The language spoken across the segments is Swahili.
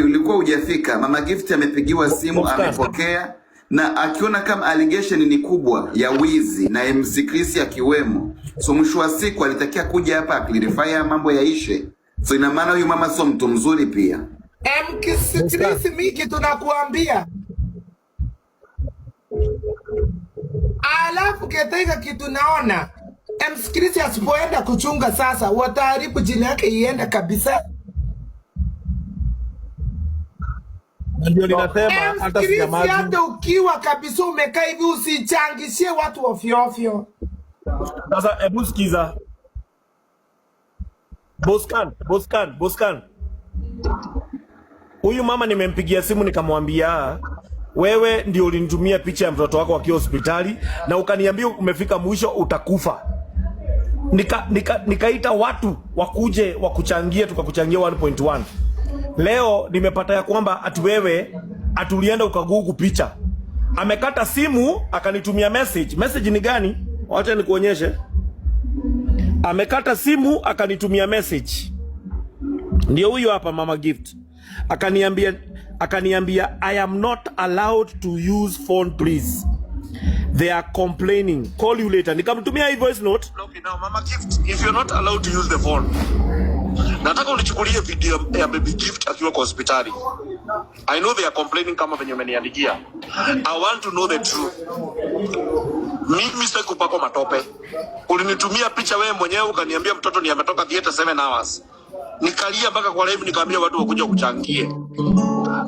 ulikuwa hujafika, Mama Gift amepigiwa simu, amepokea na akiona kama allegation ni kubwa ya wizi na MC Chris akiwemo, so mwisho wa siku alitakia kuja hapa clarify mambo yaishe. So ina maana huyu mama sio mtu mzuri pia. MC Chris miki, tunakuambia alafu ketega kitu naona MC Chris asipoenda kuchunga sasa, wataharibu jina yake iende kabisa. na ndio ninasema eh, hata sina Hata ukiwa kabisa umekaa hivi usichangishie watu ofyo ofyo. Sasa hebu sikiza. Boskan, Boskan, Boskan. Huyu mama nimempigia simu nikamwambia wewe ndio ulinitumia picha ya mtoto wako akiwa hospitali na ukaniambia umefika mwisho utakufa. Nika, nika, nikaita watu wakuje wakuchangie tukakuchangia 1.1. Leo nimepata ya kwamba ati wewe ati ulienda ukagugu picha. Amekata simu akanitumia message. Message ni gani? Wacha nikuonyeshe. Amekata simu akanitumia message. Ndio huyo hapa Mama Gift. Akaniambia akaniambia I am not allowed to use phone please. They are complaining. Call you later. Nikamtumia hii voice note. Okay, now Mama Gift, if you're not allowed to use the phone Nataka unichukulie video ya baby gift akiwa kwa hospitali. I know they are complaining kama venye umeniandikia. I want to know the truth. Mimi sitaki kupakwa matope. Ulinitumia picha wewe mwenyewe ukaniambia mtoto ni ametoka theater 7 hours. Nikalia mpaka kwa live nikaambia watu wakuja kuchangie.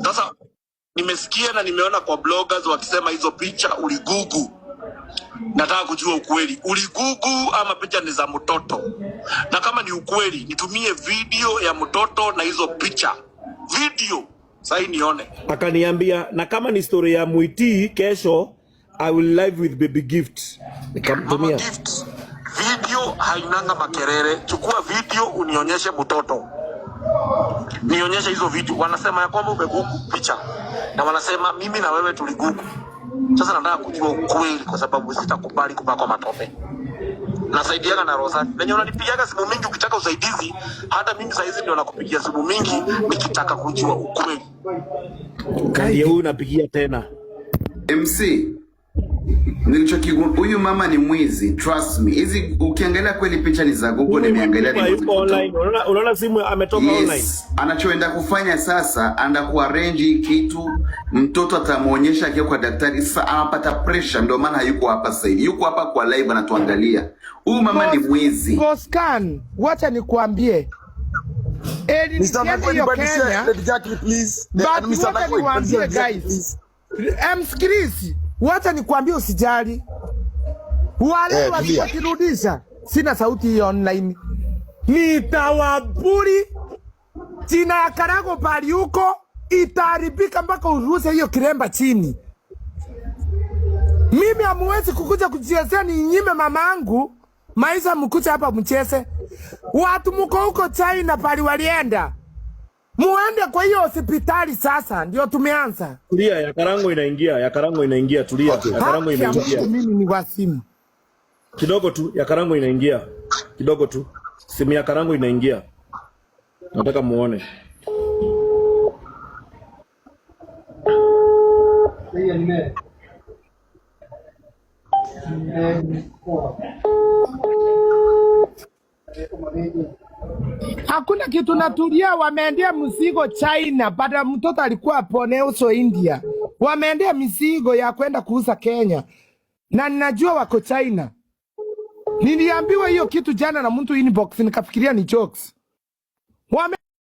Sasa nimesikia na nimeona kwa bloggers wakisema hizo picha uligugu. Nataka kujua ukweli, uligugu ama picha ni za mtoto? Na kama ni ukweli, nitumie video ya mtoto na hizo picha, video sahii nione. Akaniambia, na kama ni story ya Mwiti, kesho I will live with baby gift. Nikamtumia video, hainanga makerere. Chukua video unionyeshe mtoto nionyeshe hizo vitu. Wanasema ya kwamba umegugu picha, na wanasema mimi na wewe tuligugu. Sasa nataka kujua ukweli, kwa sababu sitakubali kupakwa matope. Nasaidiana na Rosati venye unanipigaga simu mingi ukitaka usaidizi. Hata mimi saizi ndio nakupigia simu mingi nikitaka kujua ukweli. Kadi huu napigia tena MC Nilichokigundua huyu mama ni mwizi, trust me. Hizi ukiangalia kweli picha ni za Google, nimeangalia ni online. Unaona, unaona simu ametoka yes, online. Anachoenda kufanya sasa, anaenda arrange kitu, mtoto atamuonyesha akiwa kwa daktari. Sasa anapata pressure, ndio maana hayuko hapa sasa hivi. Yuko hapa kwa live anatuangalia. Huyu mama ni mwizi. Goscan, wacha nikuambie. Eli ni Kenya. But wacha niwaambie guys. Msikilizi Wacha nikwambie, usijali wale hey, eh, watakirudisha. Sina sauti hiyo online, nitawaburi jina ya Karago pali huko itaharibika mpaka uruse hiyo kiremba chini. Mimi hamuwezi kukuja kuchezea mama angu maisha, mkuja hapa mcheze. Watu muko huko China pali walienda Muende kwa hiyo hospitali sasa, ndio tumeanza. Tulia, ya Karango inaingia, ya Karango inaingia, tulia. Ya Karango inaingia. Mimi ni wasimu. Kidogo tu, ya Karango inaingia. Kidogo tu. Simu ya Karango inaingia. Nataka muone hakuna kitu natulia, wameendea mzigo China, baada mtoto alikuwa pone uso India, wameendea mizigo ya kwenda kuuza Kenya, na ninajua wako China. Niliambiwa hiyo kitu jana na mtu inbox, nikafikiria ni jokes.